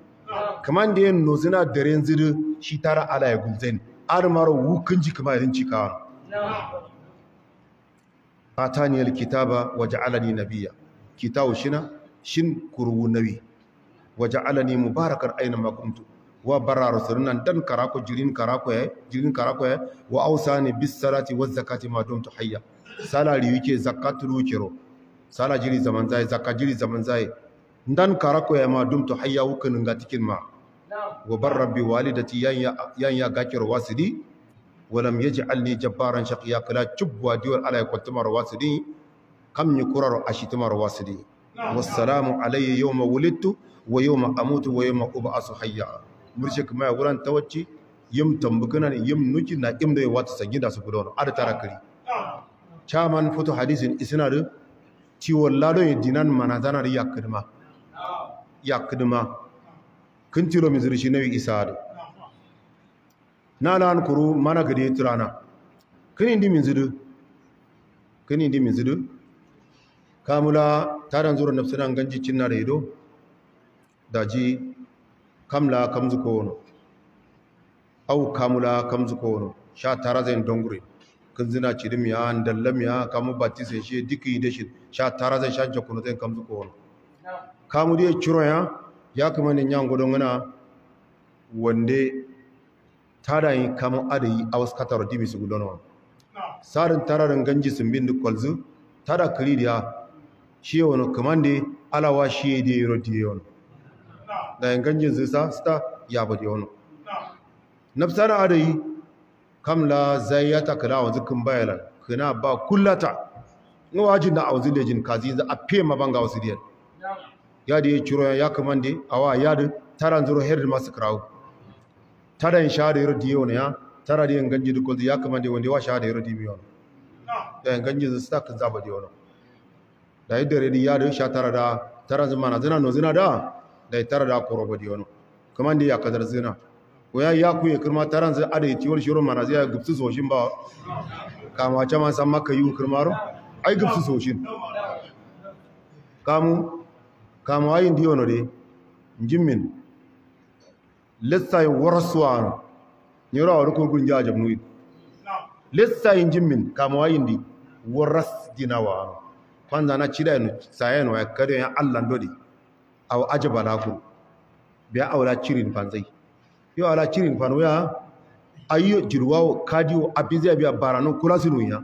kuma da yin nozina daren zirin shi tara ala ya mara wukun ji kuma yi rinci kano ataniyar kitaba waje alani nabiya kitawo shina shin kurwu nabi waje alani mubarakar ainihin makuntu wa bara rasulunan dan karako jirin karako ya wa ausa ne bisarati salati wa zakati ma don hayya salary wike zakka turu kiro sala jiri zaman zai zakka jiri zaman zai ndan karako ya ma dum hayya wukunin ga tikin ma wa bar rabbi walidati yan ya gakir wasidi walam yaj'alni jabbaran shaqiya kala chubwa diwal ala yakutumar wasidi kam ni kurar ashitumar wasidi wassalamu alayhi yawma wulidtu wa yawma amutu wa yawma ub'asu hayya murshik kuma ya wuran tawacci yim tambukana yim nuki na imdo ya wata sangi da su gudona ada tarakari Caman photo hadisin ci ciwon lalon dinan mana zanar yakidma yakidma kun tiro mi zirshi nawi isadu na lan kuru mana gade turana kun indi min zidu kun indi min zidu kamula taran zuru nafsina ganji cinna da ido daji kamla kamzuko wono au kamula kamzuko wono sha tara zain dongure kan zina cirim ya dallam ya kamu batisen shi diki da shi sha tara zai sha jakuna zai kamzu ko wani kamu dai ciro ya ya kuma ne yan gudun gana wande tara yi kamu adayi a wasu katar dimi su gudanar sarin tararin ganji sun bin duk kwalzu tara kiri da shi wani kamande alawa shi da yi rodi ya wani da yin ganjin zai sa sta ya bade wani nafsar adayi kam la zayyata kala wanzu kun bayalan kana ba kullata no wajin da awanzu da jin kazi za a fe mabanga wasu diyar ya da ya ciro ya ya kamande awa ya da taran zuro her masu krawo taran shahada yar diyo ne ya tara da yan ganji dukkan ya kaman kamande wanda wa shahada yar diyo ne yan ganji su sta kan zaba diyo ne da yadda redi ya da sha tara da taran zuma na zina no zina da da tara da korobo diyo Kaman da ya kadar zina koya ya ku ya kirma taran zai ada ya ciwar shirin mana zai ya gubsu soshin ba kama ce ma san maka kirma ro ai gubsu soshin kamu kama wayin diyo no de jimmin lissai waraswa ne rawa ruko gun ja jamnu lissai jimmin kama wayin di waras dinawa kwanza na cida yin sayen wa kare ya allan dodi. aw ajaba na ku biya aula cirin fanzai Yau ala cirin fanoya ayyo jiruwa, kadiyo abin zai biya baranon kula su nuya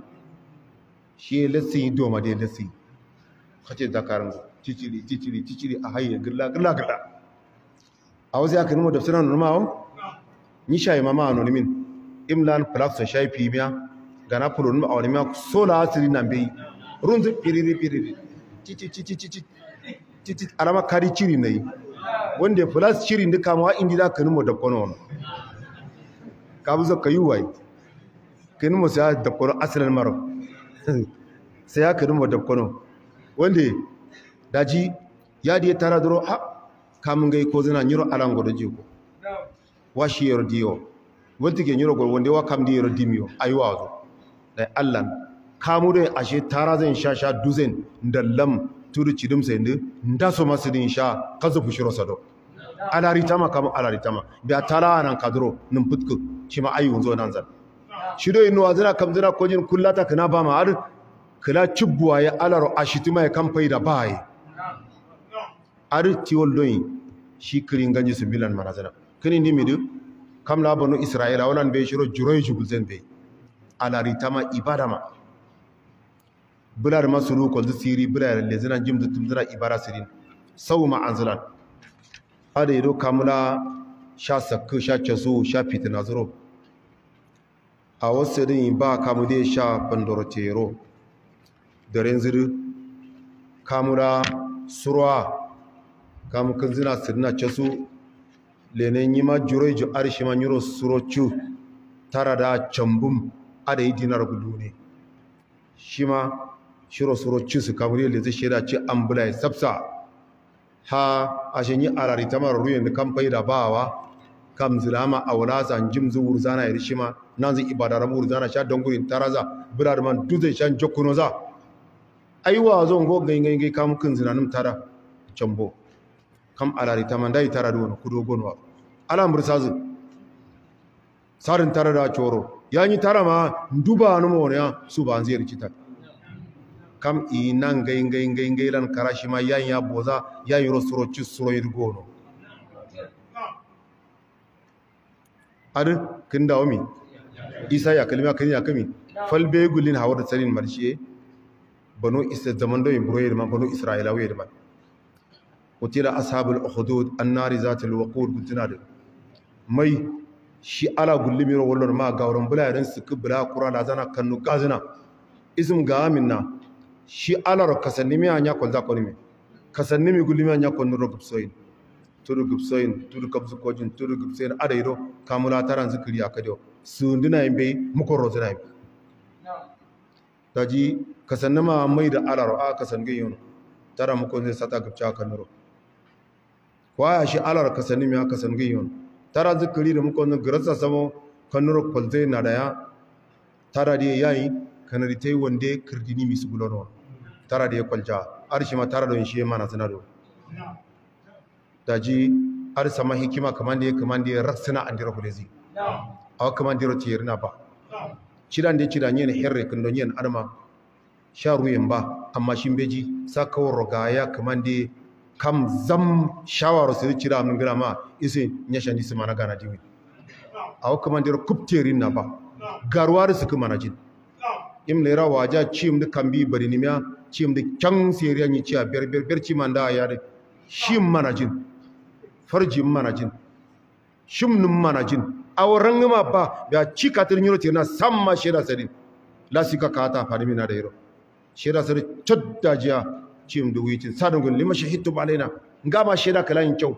shi ya lassi yi doma da ya lassi kace zakarin ciciri ciciri ciciri a hayyar gilla gilla gilla a wasu ya karimu da suna numawa ni shayi mama anonimin imlan plafsa yi fimiya gana fulonin a wani sola asiri nan bai runzu piriri piriri titi titi titi alama kari ciri na yi wonde place da kama wa indira kanumo dakkono ono kabuzo nuna kanumo da dakkono aslan maro sai ya da dakkono wonde daji yadi ya tara doro ha kamun gai ko zina nyiro alango do jiko ya yoro diyo wanda ke nyiro gol ya wa kam di yoro dimiyo aywa da dai allan kamu dai ashe tara zan shasha duzen ndallam Turu turucidum sende ndasoma sidi insha kazo pushiro sado ala ritama kama ala ritama bi atala nan kadro nin putku shi ma ayu zo nan zan shido inu azira kam zira kojin kullata kana ba ma har kula cibbuwa ya alaro ashituma ya kan faida bai ar tiwol doyin shi kirin ganji su bilan marazana kini ni midu kam labanu isra'ila wannan bai shiro juroi jubul zen bai ala ritama ibadama bular masuru kwalzu siri bular lezinan jim zutum zira ibara sirin sau ma an zilan hada yi doka mula sha sakku sha casu sha na zuro a wasu din ba kamu dai sha bandorotero daren ziri kamula surwa kamukan zina sirna casu lenen yi ma jurai ju arishi ma suro surocu tara da cambum ada yi dinar gudu ne shi ma Shiro shirosorocinsu kamar yadda zai shaida ce an bula bulai sabsa ha a shanyi arari tamar ruyan da kamfai da bawa kam zilama a wala zan jim zuwur zana ya rishima nan zai ibadara mur zana sha dongurin taraza bilarman duzai shan jokuno za aiwa zon go gangan gai kamukin zinanin tara cambo kam arari tamar dai tara da wani kudogonwa alamur sazin sarin tara da coro yanyi tara ma duba numo wani, su ba an zai rikita kam i nan ngai ngai ngai ngai lan ma yan ya boza yan yoro soro ci soro yirgono adu kin da omi isa ya kalima kan ya kami fal be gulin hawar tsarin marshe bano isa zaman doyin broyer ma bano isra'ilawiye da ma kutila ashabul ukhdud annari zatul waqur da. mai shi ala gullimiro wallon ma gauran bulayarin su kubula kura zana kannu kazina ism ga na. shi alaro kasannimi anya kolza konimi kasannimi gulimi anya konno rogubsoyin turu gubsoyin turu kabzu kojin turu gubsoyin adairo kamula taran zikiri akadio sundina imbe mukoro zina imbe daji kasannama mai da alar a kasangin yau, tara mukon zai sata gubca kanuro kwaya shi alaro kasannimi a kasangin yau? tara zikiri da mukon zai grasa samo kanuro kolze na daya tara da yayi ta wanda ya wonde kirdini mi sugulono tara de kolja arshi ma tara don shi e ma da sanado daji arsa ma hikima kamar kamande kamande raksana andira kamar aw kamande ro tiyirna ba cidan ya cidan yen herre kan don yin arma Sha yen ba amma shi beji kamar da ya kam zam su yi cira amin gina ma ya nyashan disi mana gana wa kamar da ro kuptirin na ba Garuwa su kuma na jini im lera waja cim de kambi bari barinimya cim de kyang seriya ni chia ber ber ber chim anda ya de shim manajin farjin manajin shim num manajin awran ma ba ya chika tir nyoro tirna samma shira sadin la sika kata fadimi na da yiro shira sar chodda jiya chim de witin gun lima lena nga ma shira yin kyau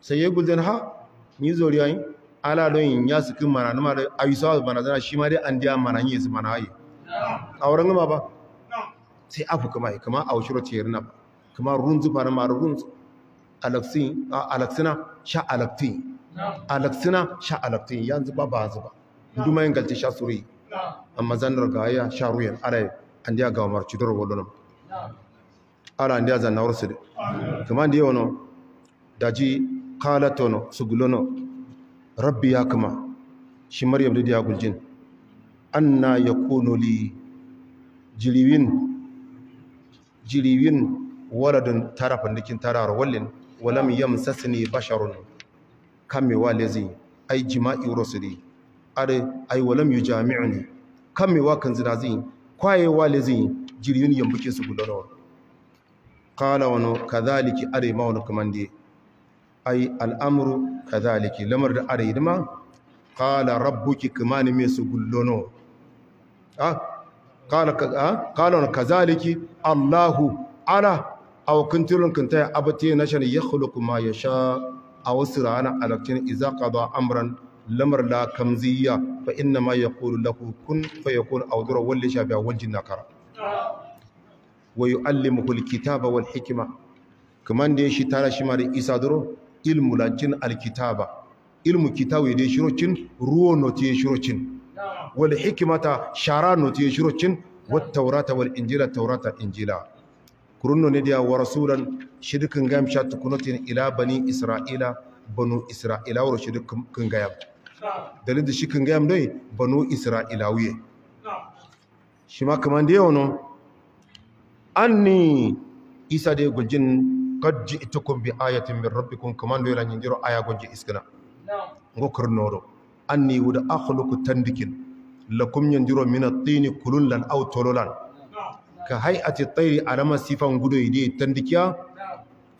sai ya gulzan ha ni zoriya yin ala don yin ya su kin mana numa da ayyusawa mana zana shi ma dai an diya mana yin su mana haye A aurangama ba sai afu kuma yi kama a washiro ce yarna ba kama runzu fara mara runzu alaksina sha alakti alaksina sha alakti yanzu ba ba zuba huduma yin galci sha suri amma zanar gaya sha ruyan alayi an diya gawa marci dora wadannan ala an diya zanna warsu da kama da yawon daji su sugulono rabbi ya kama shi maryam da diya guljin anna yakunu li jiriwin jiriwin waladun tarafin dikin tarar wallin walam yamsasni basharun kame walazi ai jima'i rusuli are ai walam yujami'ni kame wa kan zinazi kwaye walazi jiriwin yambuke su Kala qala wa kadhaliki are ma wa kamande ai al'amru kadhaliki lamar da are idma qala rabbuki kamani me su gullono ƙalon ah, ah, kazaliki allahu ana aukun tilon kinta ya abata yi nashani ya huluku ma ya sha a wasu rana alaƙin iza ƙaba amuran lamar la kamziya fa inna ma ya kuru lafi kun fa ya kuru a wadura wallin sha biya wajen nakara wa yi allimu kulkita ba wal hikima kamar da ya shi tara shi mara isa duro ilmulancin alkita ba ilmukita wa ya dai shirocin ruwa notu ya shirocin wal hikimata shara noti shirocin wat taurata wal injila taurata injila kurunno ne dia wa rasulan shirkin gam sha tukunatin ila bani isra'ila banu isra'ila wa shirkin gam dalil da shi shirkin gam dai banu isra'ilawiye shi ma kaman da yawon anni isa dai gujin kad ji'tukum bi ayatin min rabbikum kaman do yalan yiro aya gonje iskana ngokurnoro anni huda akhluqu tandikin lakum yanjuru min at-tini kulullan aw tululan ka hay'ati at-tayri alama sifan gudo ide tandikiya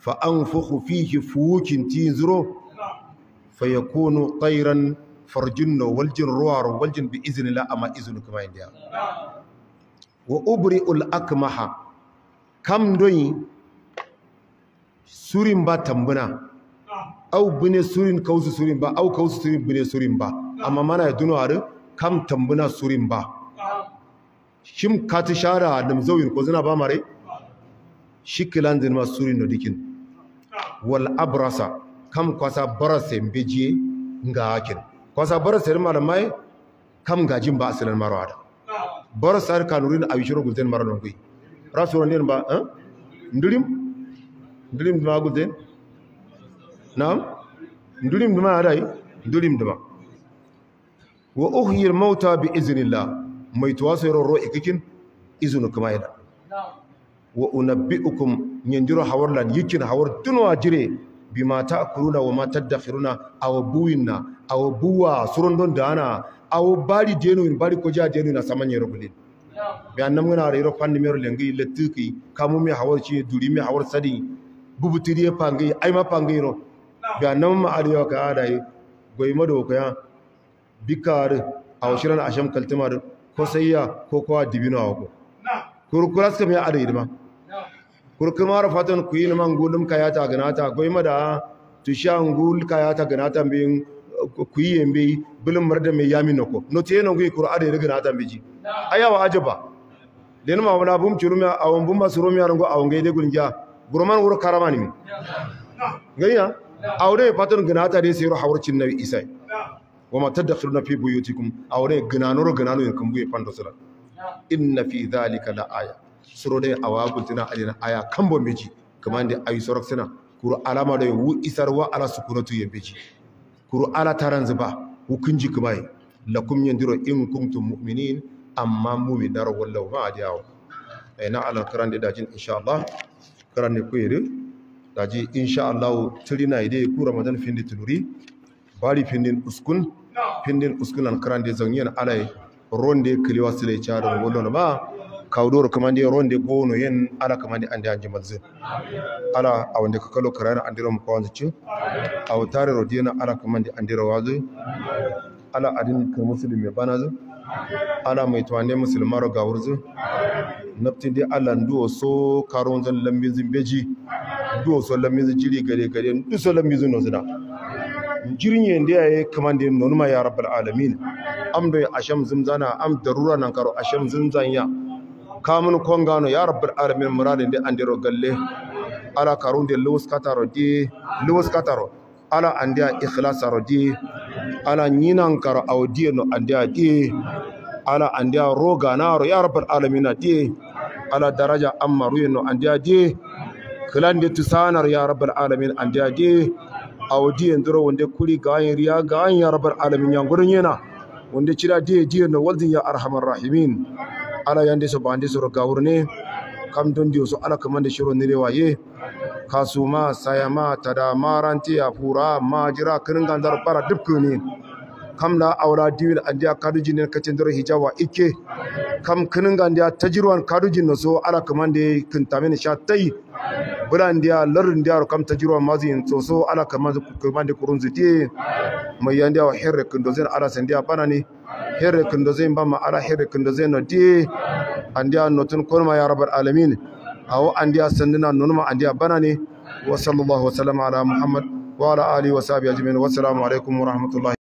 fa anfukhu fihi fukin tinzuro fa yakunu tayran farjunno waljin ruwar waljin bi iznillah amma iznu kuma indiya wa ubri'ul akmaha kam doyi surin ba tambuna au bune surin kausu surin ba au kausu surin bune surin ba amma mana duno har kam tambuna surin ba shim kati shara da mzawir ko zina ba mare shikilan zin ma surin no dikin wal abrasa kam kwasa barase mbeji nga hakin kwasa barase malamai kam gajin ba asilan marwada barasar kanurin abishiro gulten marnon kai rasu ne ba eh ndulim ndilim ma gulten na'am durim duma rai durim duma wa uhyir mauta bi iznillah mai tuwasiro ro ikikin iznu kuma ida wa unabbiukum yanjiro hawarlan yikin hawar tunwa jire bima ta'kuluna wa ma tadakhiruna aw buwinna aw buwa surundon dana aw bari denu bari ko ja denu na samanye rogulin bi annam ngana re ro panni mero lengi letuki kamu mi hawar ci duri mi hawar sadi bubutiri pangi ay ma pangi ro ga nan ma'ariya ka adaye goyima da koyan bikari a ranar asham kaltima ko kwasayya ko kowa dibino a wako kurkura suka mai adaye ma kurkuma fatan ku yi naman gudun kayata ganata goyima da tushan gul kayata ganata biyun ku yi yambe bilin marda mai yami na ko no te no gui qur'ani daga na tambiji ayawa ajaba den ma wala bum churumya awon bum basurumiya ngo awon gaide wuri karama ne karamani gani gayya aure fatun ta dai sai ruha wurcin nabi isa wama tadkhuluna fi buyutikum aure gnanoro gnano yankan buye fando sura inna fi zalika la aya suro dai awagul tana alina aya kambo meji kuma da ayi sorak sana kuru alama da wu isar wa ala sukunatu ya beji kuru ala taran zuba kuma yi lakum yandiro in kuntum mu'minin amma mu'minar wallahu ma adiyawo ai na ala karan da dajin insha Allah karan ne ku yi daji insha Allah tirina ide ku ramadan findi tuluri bari findin uskun findin uskun an karande zanyen alai ronde kiliwa sile charo golon ba kawdoro kamande ronde gono yen ala kamande ande anje malzin ala awande kakalo karana andiro mu kwanzu ci awtare rodina ala kamande andiro wazu ala adin kar muslimi zu ala mai tuwane musulman ragawar zu naftin dai allah duwa so karon zan mbeji. zimbeji do solla mizu jiri gare gare du solla mizu no zina jirin yende yayi da no ma ya rabbal alamin am da asham zimzana am darura nan karo asham zimzanya kamun kongano ya rabbal alamin muradin an andero galle ala karunde lewus kataro di lewus kataro ala andiya ikhlasaro di ala nyinan karo awdiye no andiya di ala roga naro ya rabbal alamin di ala daraja amma ruye no andiya di tu sanar ya rabbal alamin ande ade awdi endoro wonde kuli gayen riya gayen ya rabbal alamin yangurun yana wonde cira de diye no waldin ya arhamar rahimin ala yande so bande so ne, kam don diyo so ala kamande shiro nire waye kasuma sayama tada maranti ya fura majira kirin gandar bara dukku kam aura diwil andiya kaduji ne kacin doro hijawa ike kam kininga ndiya tajirwan kaduji no so ala kamande kintamene sha tai bulandiya larrindiya kam tajirwan mazin so so ala kamande kumande kurunzi tie mayandiya wa hirre kindozen ala sendiya banani hirre kindozen bama ala hirre kindozen no die andiya notun korma ya rabar alamin awo andiya sandina nonuma andiya banani wa sallallahu wa sallam ala muhammad wa ala wa آله وصحبه wa والسلام alaikum wa rahmatullahi